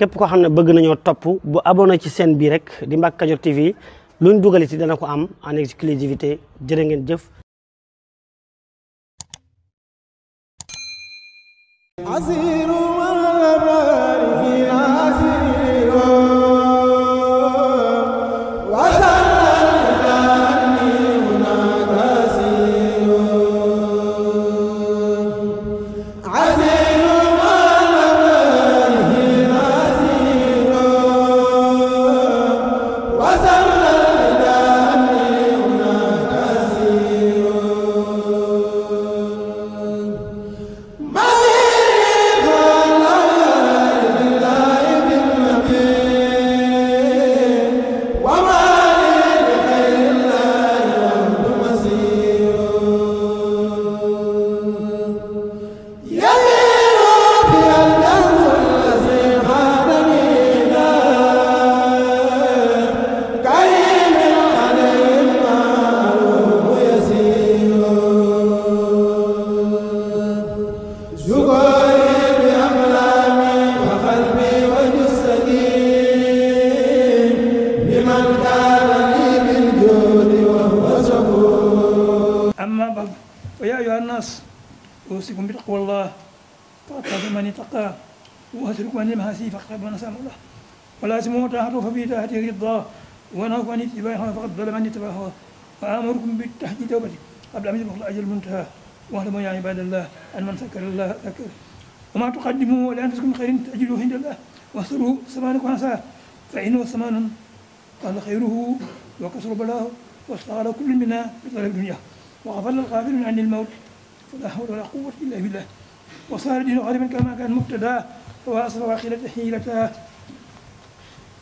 képp koo xam ne bëgg nañoo topp bu abonné ci seen bi rek di Mbacke Kadior TV lu ñu dugal ci dana ko am en exclusivité jërë ngeen jëf أما بعد فيا أيها الناس أوصيكم بتقوى الله فقد من اتقاه وأترك من المعاصي فاقترب من سام الله ولا تموتوا تعرف في تاهته رضاه ونهوا عن اتباع هوى فقد ظلم من اتباع هوى وآمركم بالتحديد توبتي قبل أن يبلغ الأجل المنتهى واعلموا يا عباد الله أن من ذكر الله ذكر وما تقدموا لأنفسكم من خير تجدوه عند الله واحصروه ثمانكم عساه فإنه ثمان قال خيره وكسر بلاه واستغال كل منا بطلب دنياه وأضل غافل عن الموت فلا حول ولا قوة إلا بالله وصار الدين غالبا كما كان مبتداه وأصل واخرة حيلتاه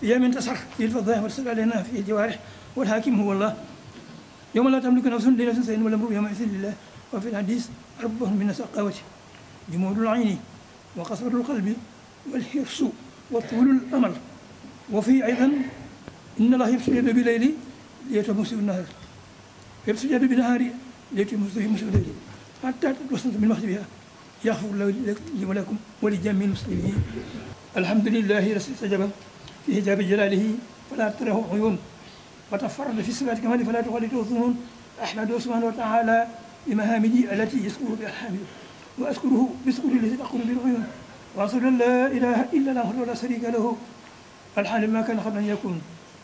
فيها من تسعر في الفضائح والسر علينا في الجوارح والحاكم هو الله يوم لا تملك نفس لنفس شيئا والأمر يومئذ لله وفي الحديث ربهم من سقاوته جمود العين وقصر القلب والحرص وطول الأمل وفي أيضا إن الله يبسط يده بالليل ليتمسوا النهار يبسط يده بالنهار ليتي مسلم مسلم ليتي حتى توسنت من وحدي بها يغفر له لي ولكم ولجميع المسلمين الحمد لله الذي استجاب في حجاب جلاله فلا تره عيون وتفرد في صفات كماله فلا تغلطه ظنون احمده سبحانه وتعالى بمهامدي التي يسكر بها الحامد واذكره بذكر الذي تقول به العيون واصل لا اله الا الله ولا شريك له الحال ما كان قبل ان يكون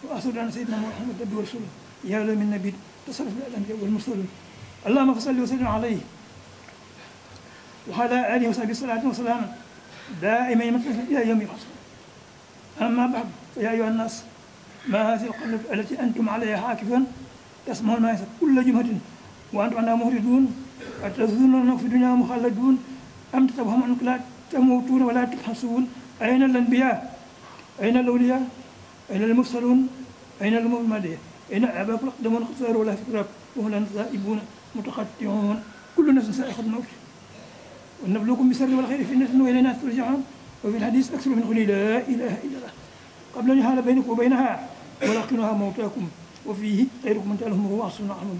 واصل ان سيدنا محمد عبده ورسوله يا لم النبي تصرف الانبياء والمرسلين allahuma fa salli wa sallim alayhi wa ala alihi wa sahbi salaatin wa salaaman daa'iman ila yawmi yub'athun amma ba'd fa yaa ayyuha nnaas ma haadihi l-qaryatu allati antum alayha aakifuun tasma'una maa yansaa kulla jum'atin wa antum anhaa mu'riduun atazunnuuna annakum fi dunyaa mukhalladuun am tatawahhamuuna annakum laa tamuutuuna wa laa tub'asuun ayna l-anbiyaa ayna l-awliyaa ayna l-mursaluun ayna l-muhammaduun ayna al-abrar al-muqaddamuuna al-axyaar wa hum lana taa'ibuun متقطعون كل نفس سائقة الموت ونبلوكم بالشر والخير فتنة وإلينا ترجعون وفي الحديث أكثر من قولي لا إله إلا الله قبل أن يحال بينكم وبينها ولكنها موتاكم وفيه خيركم من تعلهم هو عصر عنهم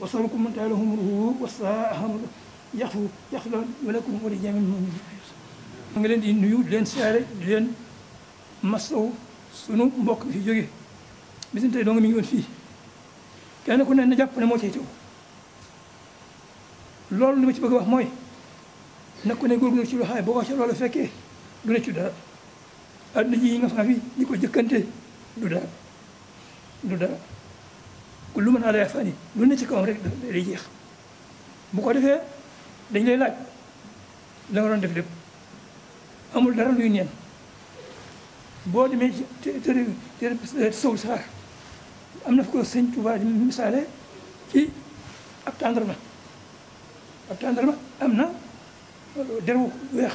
وصركم من تعلهم هو وصاهم يخفو يخلو ولكم ولجميع المؤمنين ma ngi leen di nuyu di leen saare di leen masaw sunu mbokk bi fi jóge bisin tey doo nga mi ngi woon fii kenn ku ne na jàpp ne moo cay teew loolu lu ma ci bëgg wax mooy na ku ne góorgóorlu ci lu xaay boo ko ca loolu fekkee du rëccu dara àdduna ji yi nga faa fi di ko jëkkante du dara du dara ku lu mën a lay fani lu ne ci kawam rek day jeex bu ko defee dañ lay laaj la nga doon def lépp amul dara luy neen boo demee te te sow saar am na fu ko sëñ Tuubaa di misaale ci ab tàndarma ab tàndarma am na deru weex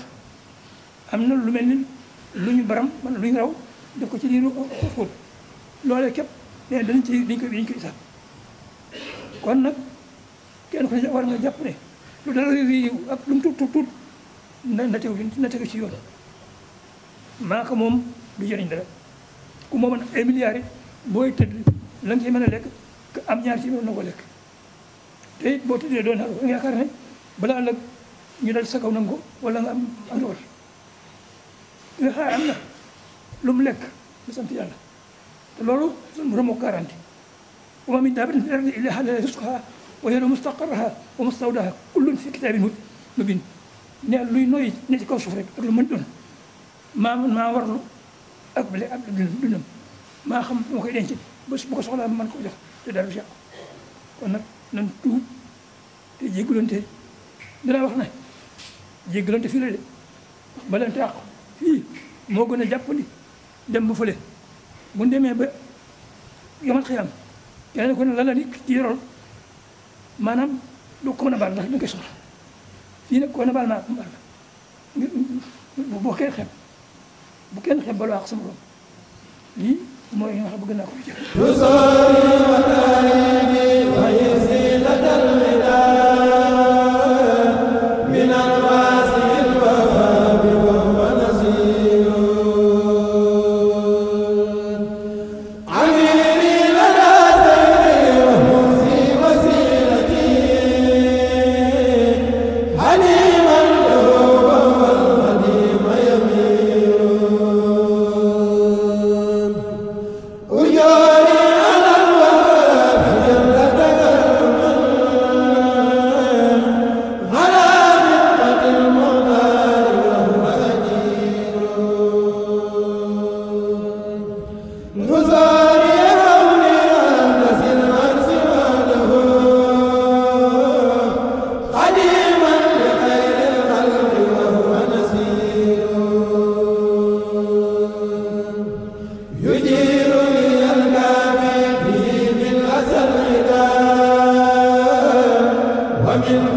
am na lu mel ni lu ñu baram wala lu ñu raw def ko ci liiru xóot loolee képp nee dañ ci dañ koy dañ koy nag kenn ku ne war nga jàpp lu dara na na tegu na tegu ci yoon maa moom du jëriñ dara ku moomoon ay milliards booy tëdd lañ nga ci mën a lekk am ñaar si mën na ko lekk te boo tëddee doon naa yaakaar ne balaa ëllëg ñu dal sa kaw wala nga am am na war nga xaar lu mu lekk lu loolu suñu borom moo garanti wa ma min daabatin fil ardi illaa alaa llaahi rizquhaa wa ya'lamu mustaqarrahaa wa mustawdaahaa kullun fii kitaabin mubiin luy nooy ne ci kaw ak lu mën doon maa maa warlu ak ak dundam maa xam fu ma koy denc bés bu ko soxlaa mën ko jox te daal du yàqu kon nag nan tuub te dina wax na jéggalante fii la de balante àq fii moo gën a jàppandi dem ba fële bu ñu demee ba yomal xiyam keneen ko ne la la nit ci yorol maanaam doo ko mën a baal fii nag ko mën a baal naa ko baal bu bu kenn xeeb bu kenn mooy li nga xam naa ko fi amiin